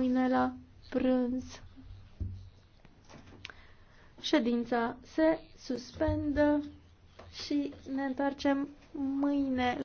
mâine la prânz. Ședința se suspendă și ne întoarcem mâine.